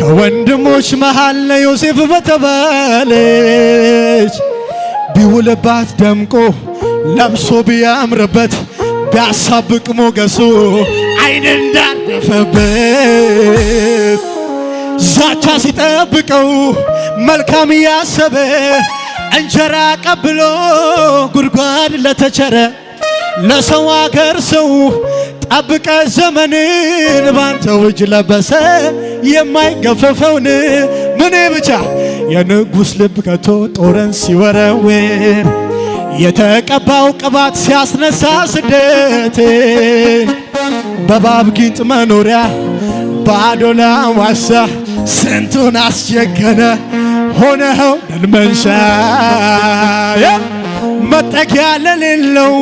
ከወንድሞች መሃል ለዮሴፍ በተባለች ቢውልባት ደምቆ ለብሶ ቢያምርበት ቢያሳብቅ ሞገሱ አይን እንዳረፈበት ዛቻ ሲጠብቀው መልካም እያሰበ እንጀራ ቀብሎ ጉድጓድ ለተቸረ ለሰው አገር ሰው አብቀ ዘመንን ባንተው እጅ ለበሰ የማይገፈፈውን ምን ብቻ የንጉሥ ልብ ከቶ ጦረን ሲወረውር የተቀባው ቅባት ሲያስነሳ ስደት በባብ ጊንጥ መኖሪያ ባዶ ላዋሳ ስንቱን አስቸገነ ሆነኸው ደልመንሻ መጠጊያ ለሌለው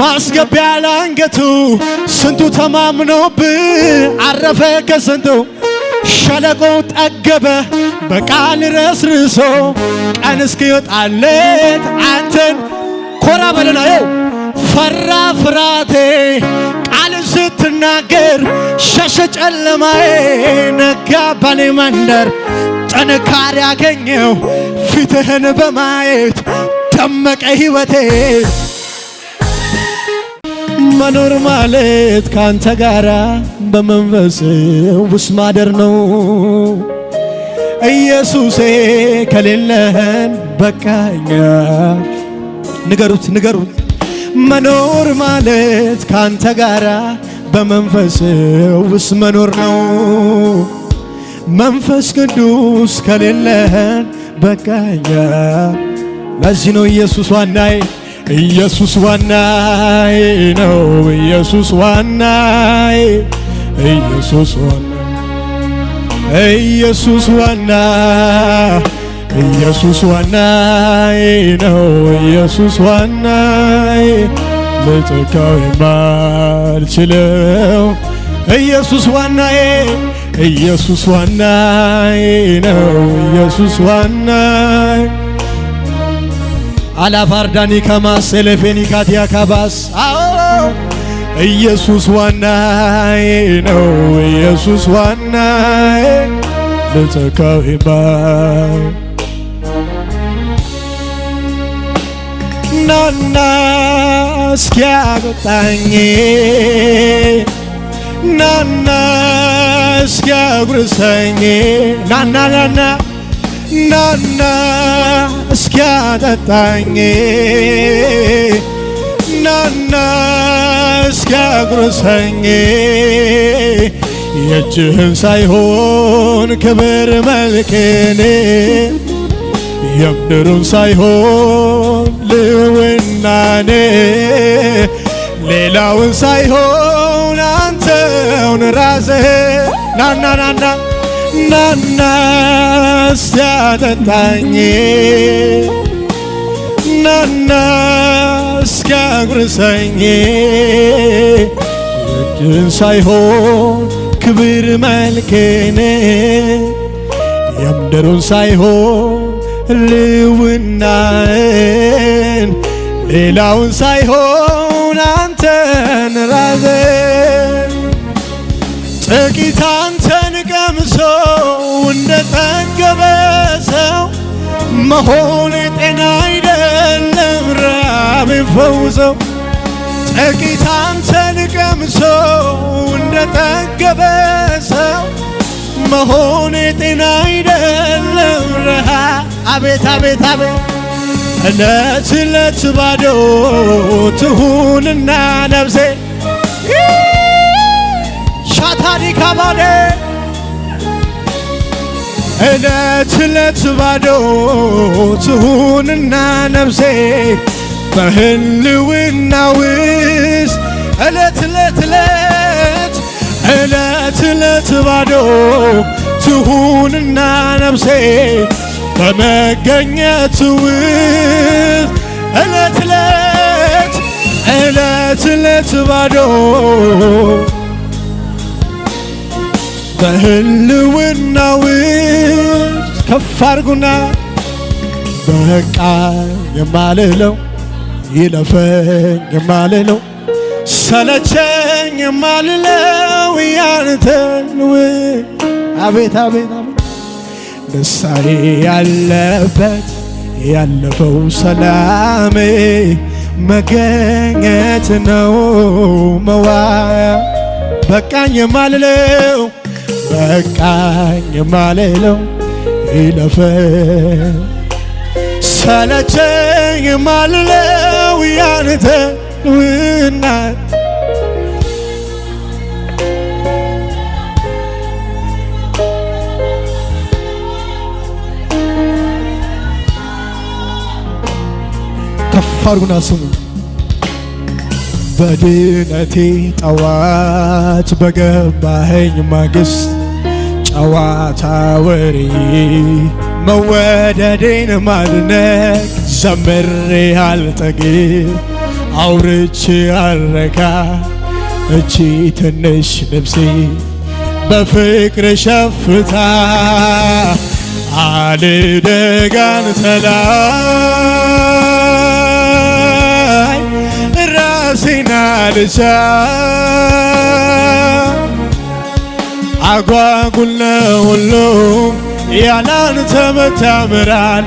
ማስገቢያ ላንገቱ ስንቱ ተማምኖብህ አረፈ ከስንቱ ሸለቆው ጠገበ በቃል ረስርሶ ቀን እስኪወጣለት አንተን ኮራ በለናየው ፈራ ፍራቴ ቃል ስትናገር ሸሸ ጨለማዬ ነጋ ባሌ መንደር ጥንካሬ አገኘው ፊትህን በማየት ደመቀ ህይወቴ። መኖር ማለት ካንተ ጋራ በመንፈስ ውስጥ ማደር ነው። ኢየሱሴ ከሌለህን በቃኛ። ንገሩት ንገሩት። መኖር ማለት ካንተ ጋራ በመንፈስ ውስጥ መኖር ነው። መንፈስ ቅዱስ ከሌለህን በቃኛ ለዚህ ነው ኢየሱስ ዋናዬ ኢየሱስ ዋናዬ ነው ኢየሱስ ዋናዬ ኢየሱስ ዋና ኢየሱስ ዋና ኢየሱስ ዋናዬ ነው ኢየሱስ ዋናዬ ልተካው የማልችለው ኢየሱስ ዋናዬ ኢየሱስ ዋናዬ ነው ኢየሱስ ዋናዬ አላፋርዳኒ ከማስ ሰለፌኒ ካቲያ ካባስ አዎ ኢየሱስ ዋናዬ ነው። ኢየሱስ ዋናዬ ለተካው ኢባ ናና እስኪያጠጣኝ ናና እስኪያጉርሰኝ ናና ናና ናና እስኪያጠጣኝ ናና እስኪያጉርሰኝ የእጅህን ሳይሆን ክብር መልክን የምድሩን ሳይሆን ልውናን ሌላውን ሳይሆን አንተውን ራስህ ናና ናና ናና ሲያጠጣኝ ናና እስኪያጉርሰኝ ውድን ሳይሆን ክብር መልክን የምድሩን ሳይሆን ልውናን ሌላውን ሳይሆን አንተን ራዘ ጥቂታ ሰው መሆን ጤና አይደለም፣ ራብ ፈውሰው ጥቂት አንተን ቀምሶ እንደጠገበ ሰው መሆን ጤና አይደለም፣ ረሃ አቤት አቤት አቤት እለት እለት ባዶ ትሁንና ነብሴ ሻታዲካባዴ እለት እለት ባዶ ትሁንና ነፍሴ በህልውና ውስ እለት እለት እለት እለት እለት ባዶ ትሁንና ነፍሴ በመገኘት ውስጥ እለት እለት እለት እለት ባዶ በህልውና ውስጥ ከፍ በቃ የማልለው ይለፈኝ የማልለው ሰለቸኝ የማልለው ያንተን አቤት አቤት ደስታዬ ያለበት ያለፈው ሰላሜ መገኘት ነው መዋያ በቃኝ የማልለው በቃኝ ማለለው ይለፈ ሰለቸኝ ማለለው ያንተ ውና ከፋሩና ስሙ በድነቴ ጠዋት በገባኸኝ ማግስት ጨዋታ ወሪ መወደዴን ማድነቅ ዘምሬ አልጠግብ አውርቼ አልረካ እቺ ትንሽ ልብሴ በፍቅር ሸፍታ አልደጋን ተላይ ራሴና ልቻ አጓጉል ነው ሁሉ ያላንተ መታምራን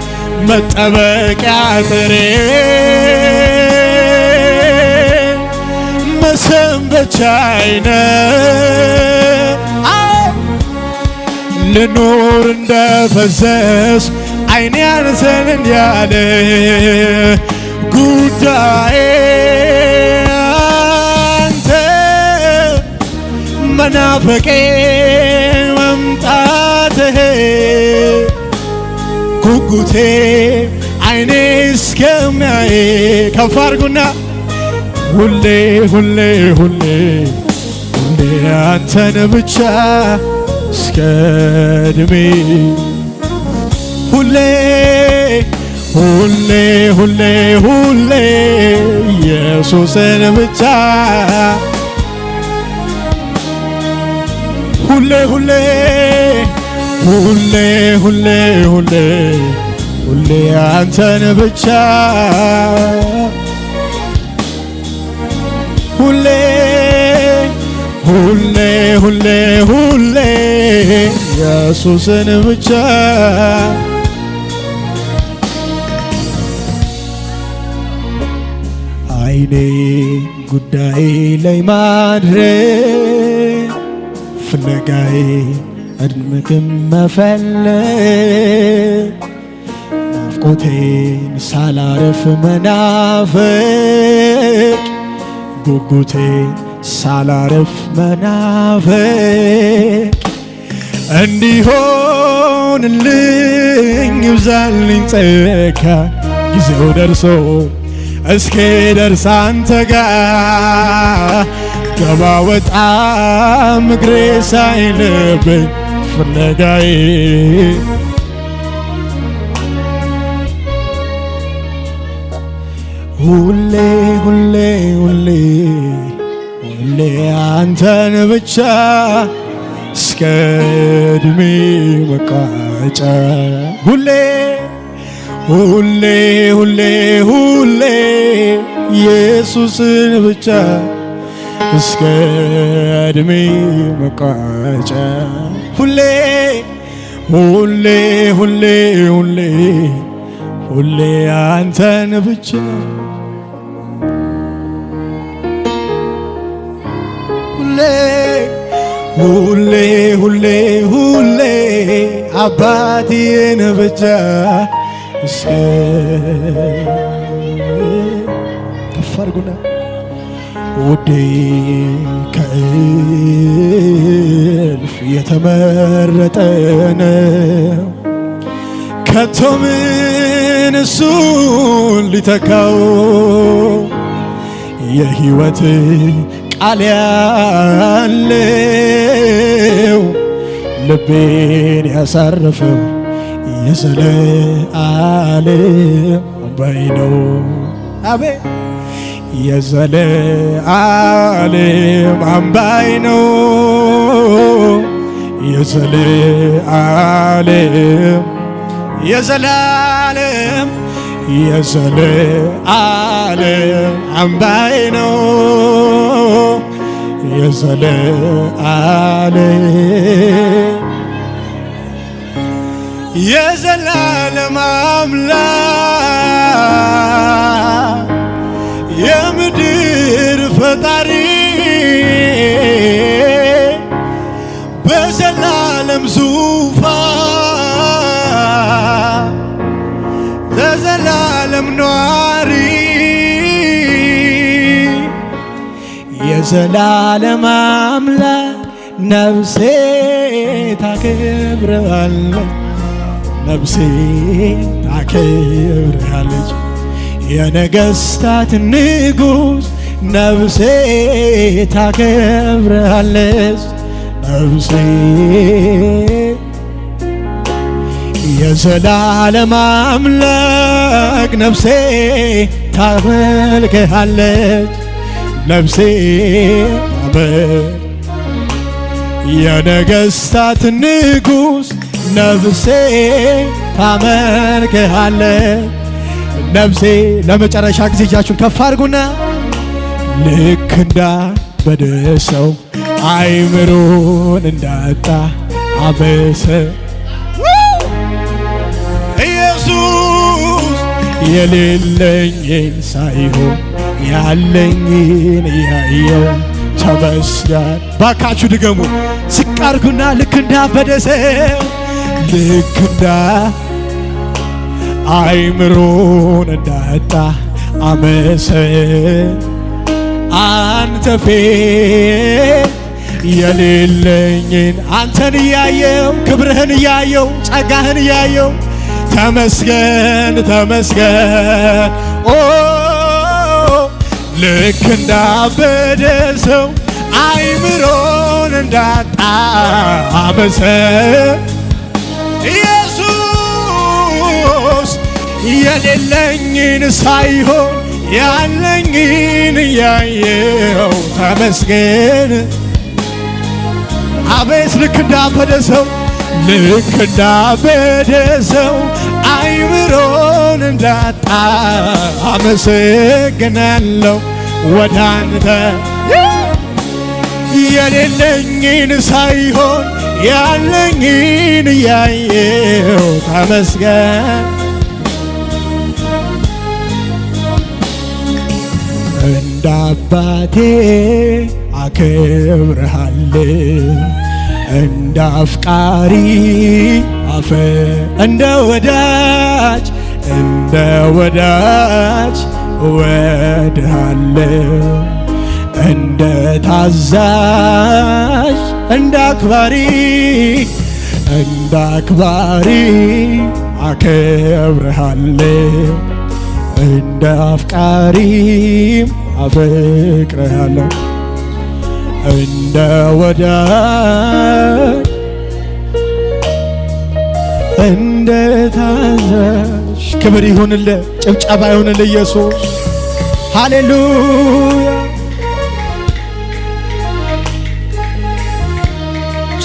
መጠበቂያ አጥሬ መሰንበቻ አይነ ልኑር እንደ ፈሰስ አይኔ አንተን ጉዳዬ አንተ መናፈቄ መምጣትህ ጉጉቴ አይኔ እስከሚያይ ከፍ አድርጉና ሁሌ ሁሌ ሁሌ ሁሌ አንተን ብቻ እስከ እድሜ ሁሌ ሁሌ ሁሌ ሁሌ ኢየሱስን ብቻ ሁሌ ሁሌ ሁሌ ሁሌ ሁሌ ሁሌ አንተን ብቻ ሁሌ ሁሌ ሁሌ ሁሌ ኢየሱስን ብቻ አይኔ ጉዳይ ላይ ማድረግ ፍለጋዬ እድምግም መፈለግ ናፍቆቴን ሳላረፍ መናፈቅ ጉጉቴን ሳላረፍ መናፈቅ እንዲሆንልኝ ይብዛልኝ ጸጋ ጊዜው ደርሶ እስኪ ደርስ አንተ ጋር ከማወጣም እግሬ ሳይለበኝ ፍለጋዬ ሁሌ ሁሌ ሁሌ ሁሌ አንተን ብቻ እስከ እድሜ መቋጫ ሁሌ ሁሌ ሁሌ ሁሌ ኢየሱስን ብቻ እስከ እድሜ መቋጫ ሁሌ ሁሌ ሁሌ ሁሌ ሁሌ አንተን ብቻ ሁሌ ሁሌ ሁሌ ሁሌ አባቴን ብቻ እስከ ከፍ አድርጉና ውዴ ከእልፍ የተመረጠ ነው፣ ከቶ ምን እሱን ሊተካው የሕይወት ቃል ያለው ልቤን ያሳረፈው የዘለዓለም አባይ ነው። አቤት የዘለዓለም አምባይ ነው የዘለዓለም የዘላለም የዘለዓለም አምባይ ነው የዘለዓለም የዘላለም አምላክ የዘላለም አምላክ ነፍሴ ታከብረዋለች፣ ነፍሴ ታከብረዋለች። የነገስታት ንጉስ ነፍሴ ታከብረዋለች፣ ነፍሴ የዘላለም አምላክ ነፍሴ ታመልክሃለች ነፍሴ ታበል። የነገሥታት ንጉሥ ነፍሴ ታመልክሃለች። ነፍሴ ለመጨረሻ ጊዜ እጃችሁን ከፍ አድርጉና ልክ እንዳበደሰው አይምሮን እንዳጣ አበሰ ኢየሱስ የሌለኝን ሳይሆን ያለኝን ያየው ተመስሏል። ባካችሁ ድገሙ ዝቅ ልክ እንዳበደ ሰው ልክ እንዳ አይምሮን እንዳጣ አመሰ አንተፌ የሌለኝን አንተን እያየው ክብርህን እያየው ጸጋህን እያየው ተመስገን ተመስገን ልክ እንዳበደ ሰው አይምሮን እንዳጣ አበሰ። ኢየሱስ የሌለኝን ሳይሆን ያለኝን እያየው ተመስገን። አቤት ልክ እንዳበደ ሰው ልክ እንዳበደ ሰው አእምሮን እንዳጣ አመሰግናለሁ ወዳንተ የሌለኝን ሳይሆን ያለኝን እያየው ተመስገን እንዳባቴ አባቴ እንደ አፍቃሪ አፈ እንደ ወዳጅ እንደ ወዳጅ ወድሃለው እንደ ታዛዥ እንደ አክባሪ እንደ አክባሪ አከብርሃለው እንደ አፍቃሪ አፈቅርሃለው እንደ ወዳጅ እንደ ታዛዥ ክብር ይሁንልህ፣ ጭብጨባ ይሁንልህ ኢየሱስ ሃሌሉያ።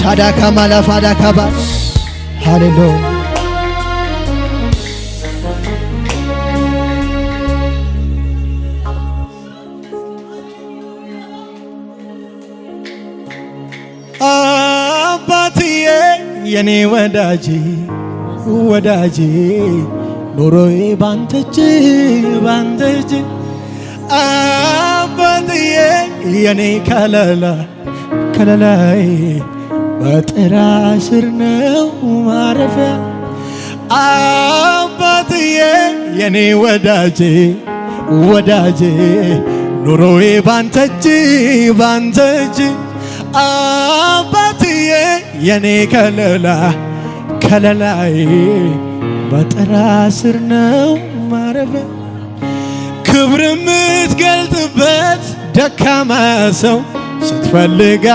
ቻዳካ ማላፋ ሃሌሉያ የኔ ወዳጄ ወዳጄ ኑሮዬ ባንተች ባንተች አባትዬ የኔ ከለላ ከለላዬ በጥራ ስር ነው ማረፊያ አባትዬ የኔ ወዳጄ ወዳጄ ኑሮዬ ባንተች ባንተች አባትዬ የኔ ከለላ ከለላዬ በጥራ ስር ነው ማረፈ ክብር የምትገልጥበት ደካማ ሰው ስትፈልጋ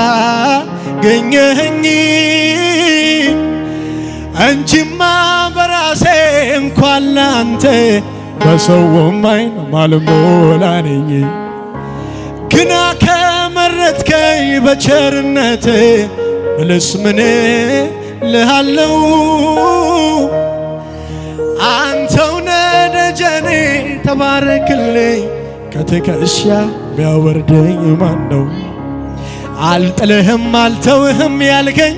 ገኘኸኝ እንጂማ በራሴ እንኳን ላንተ በሰውም አይን ማልሞላ ነኝ ግና መረጥከኝ በቸርነት ብልስ ምን ልሃለው አንተው ነደጀኔ ተባረክልኝ ከትከሻ ቢያወርደኝ ማን ነው? አልጥልህም አልተውህም ያልከኝ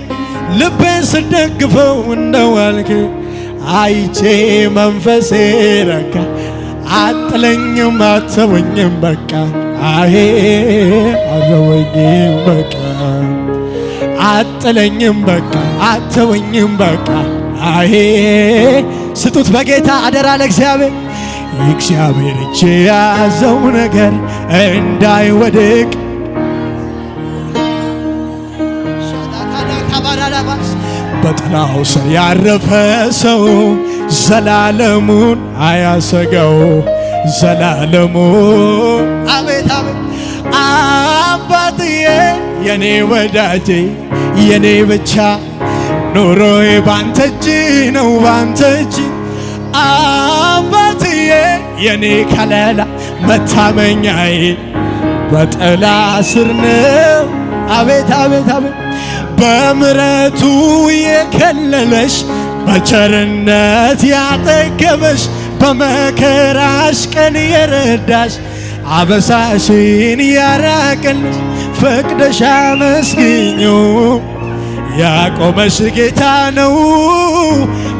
ልቤን ስደግፈው እንደዋልክ አይቼ መንፈሴ ረካ አጥለኝም አተወኝም በቃ አሄ አዘወኝ በቃ አጥለኝም በቃ አተወኝም በቃ አሄ ስጡት በጌታ አደራ ለእግዚአብሔር እግዚአብሔር እጅ ያዘው ነገር እንዳይወድቅ በጥላው ስር ያረፈ ሰው ዘላለሙን አያሰገው። ዘላለሙ አቤት አቤት አባትዬ የኔ ወዳጄ የኔ ብቻ ኑሮዬ ባንተ እጅ ነው ባንተ እጅ አባትዬ የኔ ከለላ መታመኛዬ በጥላ ስር ነው አቤት አቤት አቤት በምረቱ የከለለሽ በቸርነት ያጠገበሽ በመከራሽ ቀን የረዳሽ አበሳሽን ያራቀልሽ ፈቅደሻ መስግኙ ያቆመሽ ጌታ ነው።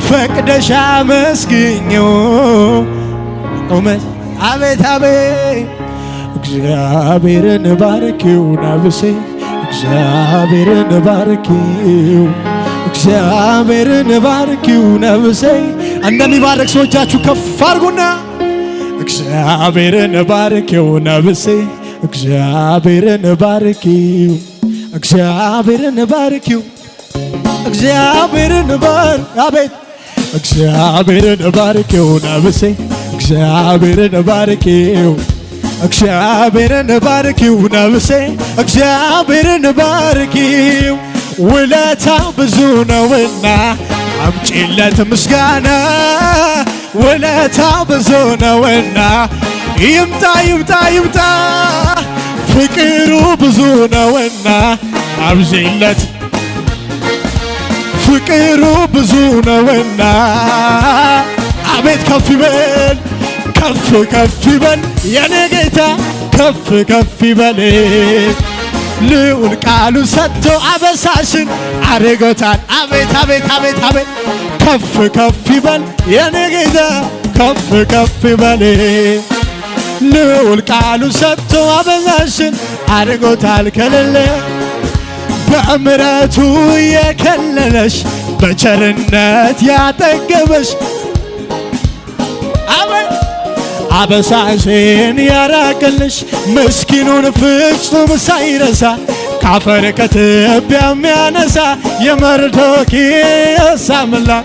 ፈቅደሻ መስግኙ ቆመሽ አቤት አቤት እግዚአብሔርን ባርኪው ናብሴ እግዚአብሔርን ባርኪው እግዚአብሔርን ባርኪው ነብሴ እንደሚባረክ ሰዎቻችሁ ከፍ ከፍ አድርጉና እግዚአብሔርን ባርኪው ነብሴ እግዚአብሔርን ባርኪው እግዚአብሔርን ባርኪው እግዚአብሔርን ባር አቤት እግዚአብሔርን ባርኪው ነብሴ እግዚአብሔርን ባርኪው እግዚአብሔርን ባርኪው ነብሴ እግዚአብሔርን ባርኪው ውለታ ብዙ ነውና አምጪለት ምስጋና ውለታ ብዙ ነውና ይምጣ ይምጣ ይምጣ ፍቅሩ ብዙ ነውና አብዥለት ፍቅሩ ብዙ ነውና አቤት ከፍ ይበል ከፍ ከፍ ይበል የኔ ጌታ ከፍ ከፍ ይበል ልዑል ቃሉ ሰጥቶ አበሳሽን አድርጎታል። አቤት አቤት አቤት አቤት ከፍ ከፍ ይበል የኔ ጌታ ከፍ ከፍ ይበል። ልዑል ቃሉ ሰጥቶ አበሳሽን አድርጎታል ከሌለ በእምረቱ የከለለሽ በቸርነት ያጠገበሽ አቤት አበሳሽን ያራቀልሽ ምስኪኑን ፍጹም ሳይረሳ ካፈር ከትቢያ የሚያነሳ የመርዶክዮስ አምላክ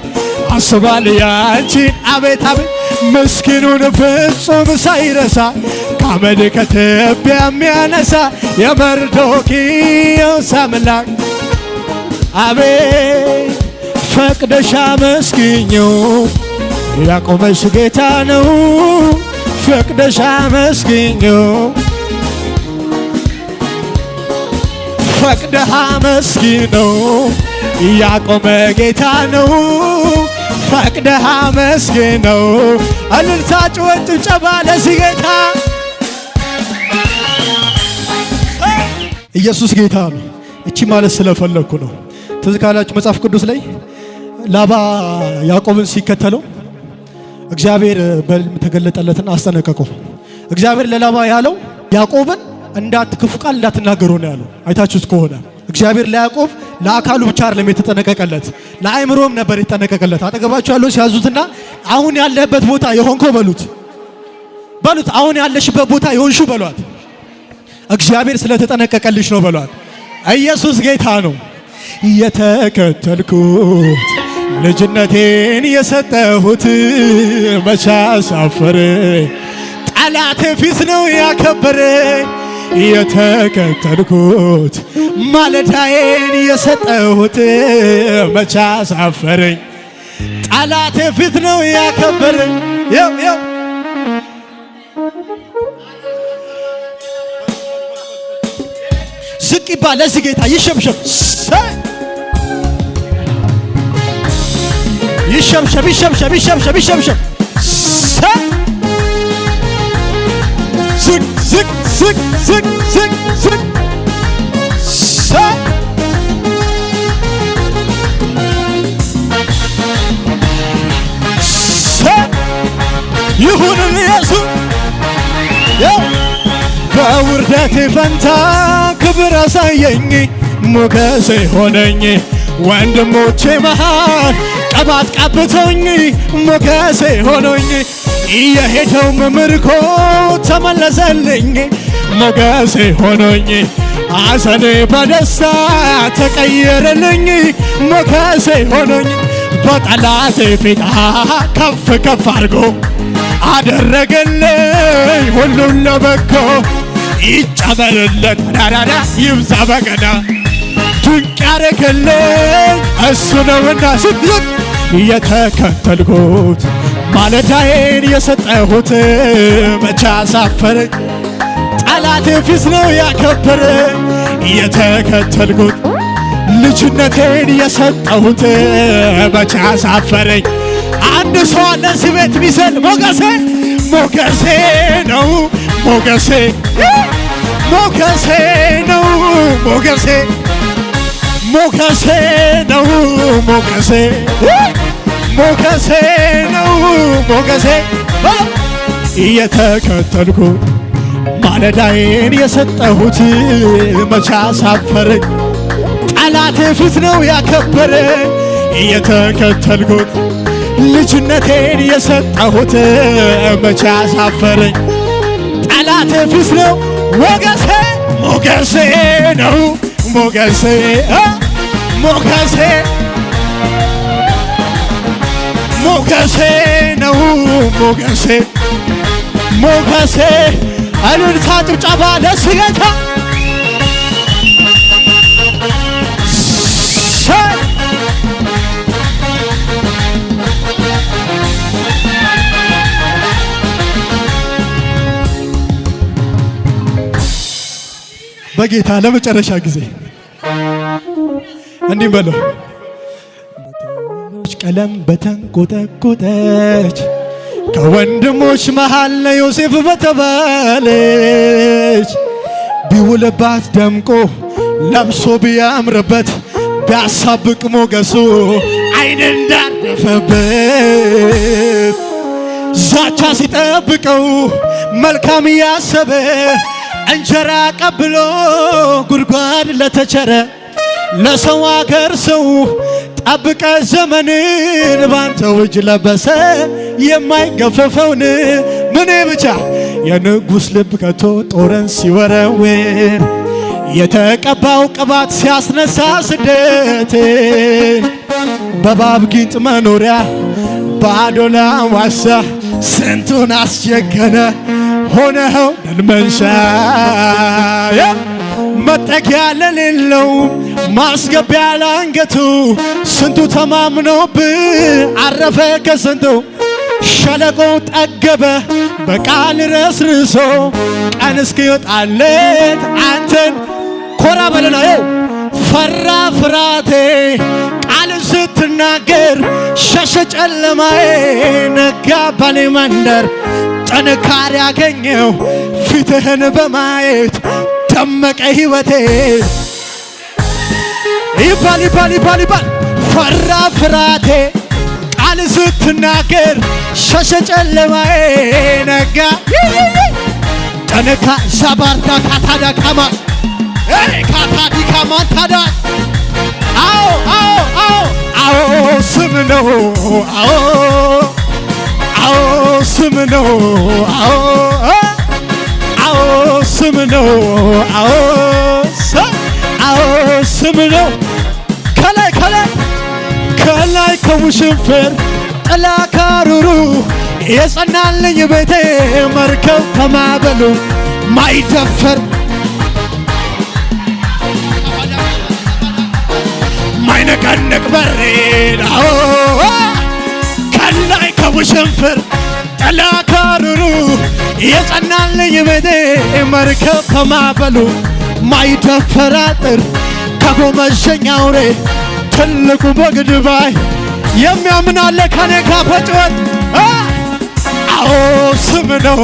አስቧል አቤት አቤት ምስኪኑን ፍጹም ሳይረሳ ካመድ ከትቢያ የሚያነሳ የመርዶክዮስ አምላክ አቤት ፈቅደሻ መስኪኙ ያቆመሽ ጌታ ነው ፈቅደሻ መስገኙ ፈቅደሃ መስጊኑ ያቆመ ጌታ ነው። ፈቅደሃ መስጊኑ እልልታ ጩኸት ጭብጨባ ለዚህ ጌታ ኢየሱስ ጌታ ነው። እቺ ማለት ስለፈለግኩ ነው። ትዝ ካላችሁ መጽሐፍ ቅዱስ ላይ ላባ ያዕቆብን ሲከተለው እግዚአብሔር በሕልም ተገለጠለትና አስጠነቀቀው። እግዚአብሔር ለላባ ያለው ያዕቆብን እንዳት ክፉ ቃል እንዳትናገሩ ነው ያለው። አይታችሁት ከሆነ እግዚአብሔር ለያዕቆብ ለአካሉ ብቻ አይደለም የተጠነቀቀለት ለአእምሮም ነበር የተጠነቀቀለት። አጠገባችሁ ያለው ሲያዙትና አሁን ያለበት ቦታ የሆንከው በሉት በሉት አሁን ያለሽበት ቦታ የሆንሹ በሏት። እግዚአብሔር ስለተጠነቀቀልሽ ነው በሏት። ኢየሱስ ጌታ ነው የተከተልኩት ልጅነቴን የሰጠሁት መቻሳፈረ ሳፈረ ጠላት ፊት ነው ያከበረ የተከተልኩት ማለዳዬን የሰጠሁት መቻሳፈረኝ ሳፈረኝ ጠላት ፊት ነው ያከበረ ዝቅ ይባል ለዚህ ጌታ ይሸብሸብ ይሸምሸም ይሸምሸም ይሸምሸም ይሸምሸም ዝቅ ዝቅ ዝቅ ዝቅ ዝቅ ዝቅ ይሁን ኢየሱስ በውርደቴ ፈንታ ክብር አሳየኝ ሞገሴ ሆነኝ ወንድሞቼ መሃል ቀባት ቀብቶኝ ሞገሴ ሆኖኝ እየሄደው ምርኮ ተመለሰልኝ ሞገሴ ሆኖኝ አሰኔ በደስታ ተቀየረልኝ ሞገሴ ሆኖኝ በጠላቴ ፊት ከፍ ከፍ አድርጎ አደረገልኝ ሁሉን ለበጎ ይጨመርለት ዳዳዳ ይብዛ በገና ድንቅ ያረገልኝ እሱ ነውና ስትልቅ እየተከተልኩት ማለዳዬን የሰጠሁት መቻ ሳፈረ ጠላቴ ፊት ነው ያከበረ እየተከተልኩት ልጅነቴን የሰጠሁት መቻ ሳፈረኝ። አንድ ሰው አለ እዚህ ቤት ሚሰል ሞገሴ ሞገሴ ነው ሞገሴ ሞገሴ ነው ሞገሴ ሞገሴ ነው ሞገሴ ሞገሴ ነው ሞገሴ እየተከተልኩ ማለዳዬን የሰጠሁት መቻ ሳፈረ ጠላቴ ፊት ነው ያከበረ እየተከተልኩት ልጅነቴን የሰጠሁት መቻ ሳፈረ ጠላቴ ፊት ነው ሞገሴ ሞገሴ ነው ሞገሴ ሞገሴ ሞገሴ ነው ሞገሴ ሞገሴ እልልታ ጭብጨባ ለስጌታ በጌታ ለመጨረሻ ጊዜ እንዲህ በለው ቀለም በተንቆጠቆጠች ከወንድሞች መሃል ለዮሴፍ በተባለች ቢውልባት ደምቆ ለብሶ ቢያምርበት ቢያሳብቅ ሞገሱ አይን እንዳረፈበት ዛቻ ሲጠብቀው መልካም እያሰበ እንጀራ ቀብሎ ጉድጓድ ለተቸረ ለሰው አገር ሰው ጠብቀ ዘመንን ባንተው እጅ ለበሰ የማይገፈፈውን ምን ብቻ የንጉሥ ልብ ከቶ ጦረን ሲወረውር የተቀባው ቅባት ሲያስነሳ ስደትን በባብ ጊንጥ መኖሪያ ባዶ ላዋሳ ስንቱን አስጀገነ ሆነኸው ደልመንሻ መጠጊያ ለሌለው ማስገቢያ ላንገቱ ስንቱ ተማምኖብህ አረፈ ከስንቱ ሸለቆው ጠገበ በቃል ረስርሶ ቀን እስኪወጣለት አንተን ኮራ በለና ፈራ ፍራቴ ቃልን ስትናገር ሸሸ ጨለማዬ ነጋ ባሌ መንደር ጥንካሬ ያገኘው ፊትህን በማየት ደመቀ ሕይወቴ ይባል ይባል ይባል ይባል ፈራ ፍራቴ ቃል ስትናገር ሸሸ ጨለማዬ ነጋ ጠነካ ሻባርታ ካታዳ ካማ ካታዲ ካማንታዳ አዎ አዎ አዎ አዎ ስም ነው አዎ አዎ ስም ነው አዎ ስም ነው። አዎ አዎ ስም ነው። ከላይ ከላይ ከላይ ከሙሽንፍር ጥላ ካሩሩ የጸናልኝ ቤቴ መርከብ ከማዕበሉ ማይደፈር ማይነቀነቅ በሬ አዎ ከላይ ከሙሽንፍር ጥላ ካሩሩ የጸናልኝ እምኔ መርከብ ከማዕበሉ አጥር ከጎመሸኛ አውሬ ትልቁ በግድባይ የሚያምናለ ከኔ ጋ አዎ ስም ነው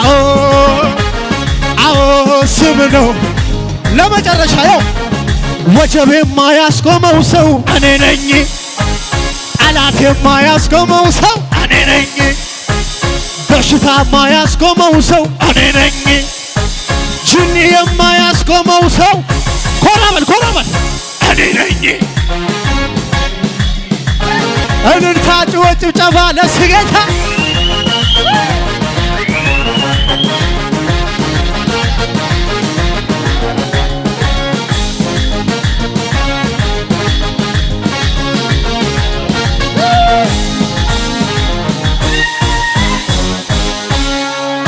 አዎ አዎ ስም ነው። ለመጨረሻ ያው ወጀብ የማያስቆመው ሰው እኔ ነኝ። ጠላት የማያስቆመው ሰው እኔ ነኝ። በሽታ የማያስቆመው ሰው እኔ ነኝ። ጅኒ የማያስቆመው ሰው ኮራ በል ኮራ በል እኔ ነኝ። እልልታ፣ ጩኸት፣ ጭብጨባ ለስጌታ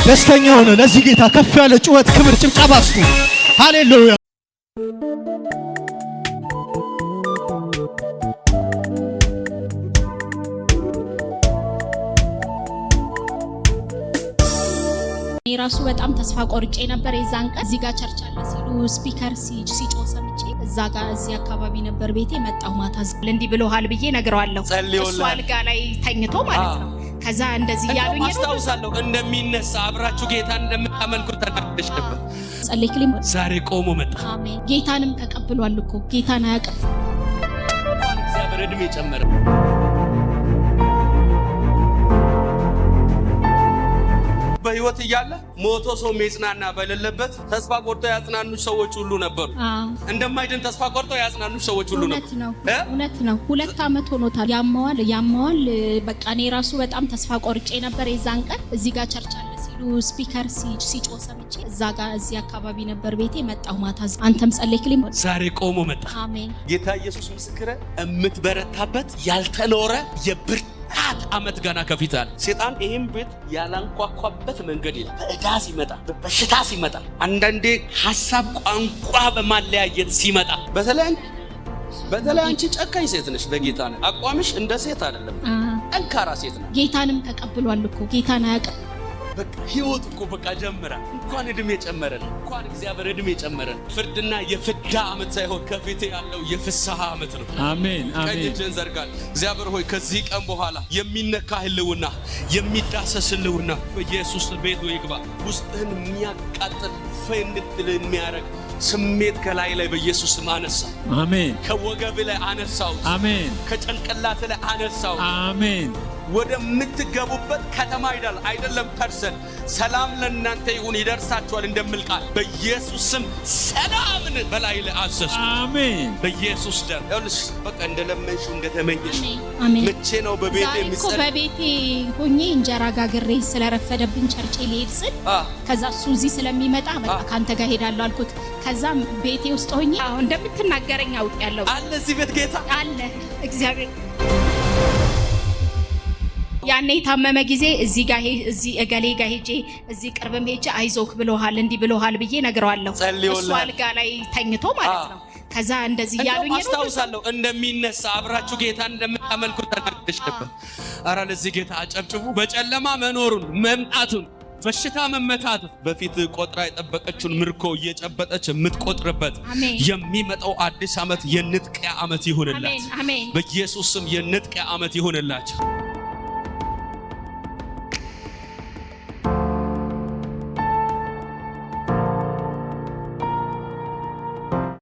ደስተኛ ሆነ። ለዚህ ጌታ ከፍ ያለ ጩኸት፣ ክብር፣ ጭብጨባ ስጡ። ሃሌሉያ ራሱ በጣም ተስፋ ቆርጬ ነበር። የዛን ቀን እዚህ ጋር ቸርች አለ ሲሉ ስፒከር ሲጮ ሰምቼ እዛ ጋር እዚህ አካባቢ ነበር ቤቴ መጣሁ። ማታ እንዲህ ብሎሃል ብዬ ነግረዋለሁ። እሱ አልጋ ላይ ተኝቶ ማለት ነው ከዛ እንደዚህ ያሉኝ አስታውሳለሁ። እንደሚነሳ አብራችሁ ጌታን እንደምታመልኩ ተናደሽ ነበር። ጸለይክልኝ ዛሬ ቆሞ መጣ። ጌታንም ተቀብሏል እኮ ጌታን አያውቅም እግዚአብሔር እድሜ ጨመረ። በህይወት እያለ ሞቶ ሰው መጽናና በሌለበት ተስፋ ቆርጦ ያጽናኑሽ ሰዎች ሁሉ ነበሩ። እንደማይድን ተስፋ ቆርጦ ያጽናኑሽ ሰዎች ሁሉ ነበሩ። እውነት ነው። ሁለት ዓመት ሆኖታል። ያማዋል፣ ያማዋል። በቃ እኔ ራሱ በጣም ተስፋ ቆርጬ ነበር። የዛን ቀን እዚህ ጋር ቸርች ሲሉ ስፒከር ሲጮ ሰምቼ እዛ ጋር እዚህ አካባቢ ነበር ቤቴ መጣሁ። ማታ አንተም ጸለይክልኝ። ዛሬ ቆሞ መጣ። አሜን። ጌታ ኢየሱስ ምስክረ የምትበረታበት ያልተኖረ የብርት አራት ዓመት ገና ከፊት አለ። ሴጣን ይህም ቤት ያላንኳኳበት መንገድ የለም። በእዳ ሲመጣ፣ በበሽታ ሲመጣ፣ አንዳንዴ ሀሳብ ቋንቋ በማለያየት ሲመጣ በተለይ በተለይ አንቺ ጨካኝ ሴት ነሽ። በጌታ አቋምሽ እንደ ሴት አይደለም፣ ጠንካራ ሴት ነው። ጌታንም ተቀብሏል እኮ ጌታን አያውቅም በቃ ህይወት እኮ በቃ ጀምራ እንኳን እድሜ ጨመረን፣ እንኳን እግዚአብሔር እድሜ ጨመረን። ፍርድና የፍዳ ዓመት ሳይሆን ከፊት ያለው የፍስሐ ዓመት ነው። አሜን አሜን። ቀኝ እጅን ዘርጋል። እግዚአብሔር ሆይ ከዚህ ቀን በኋላ የሚነካ ህልውና፣ የሚዳሰስ ህልውና በኢየሱስ ቤት ይግባ። ውስጥህን የሚያቃጥል ፈንድል የሚያረግ ስሜት ከላይ ላይ በኢየሱስ ስም አነሳ። አሜን። ከወገብ ላይ አነሳው። አሜን። ከጭንቅላት ላይ አነሳው። አሜን። ወደምትገቡበት ከተማ ይዳል አይደለም ፐርሰን ሰላም ለእናንተ ይሁን ይደርሳችኋል እንደምል ቃል በኢየሱስ ስም ሰላምን በላይ ለአዘዙ አሜን። በኢየሱስ ደም ያውልሽ በቃ እንደለመንሽ እንደተመኘሽ። መቼ ነው በቤቴ የሚሰ በቤቴ ሆኜ እንጀራ ጋግሬ ስለረፈደብን ቸርቼ ሊሄድ ስል ከዛ እሱ እዚህ ስለሚመጣ በቃ ከአንተ ጋር ሄዳለሁ አልኩት። ከዛም ቤቴ ውስጥ ሆኜ አሁን እንደምትናገረኝ አውቅ ያለው አለ እዚህ ቤት ጌታ አለ እግዚአብሔር ያኔ የታመመ ጊዜ እዚህ ጋር እዚህ እገሌ ጋር ሄጄ እዚህ ቅርብም ሄጄ አይዞክ ብለሃል እንዲህ ብለሃል ብዬ ነግረዋለሁ። እሱ አልጋ ላይ ተኝቶ ማለት ነው። ከዛ እንደዚህ ያሉኝ አስታውሳለሁ። እንደሚነሳ አብራችሁ ጌታ እንደምታመልኩ ተናግረሽ ነበር። ኧረ ለዚህ ጌታ አጨብጭቡ። በጨለማ መኖሩን መምጣቱን በሽታ መመታት በፊት ቆጥራ የጠበቀችውን ምርኮ እየጨበጠች የምትቆጥርበት የሚመጣው አዲስ ዓመት የንጥቂያ ዓመት ይሁንላት። በኢየሱስ ስም የንጥቂያ ዓመት ይሁንላቸው።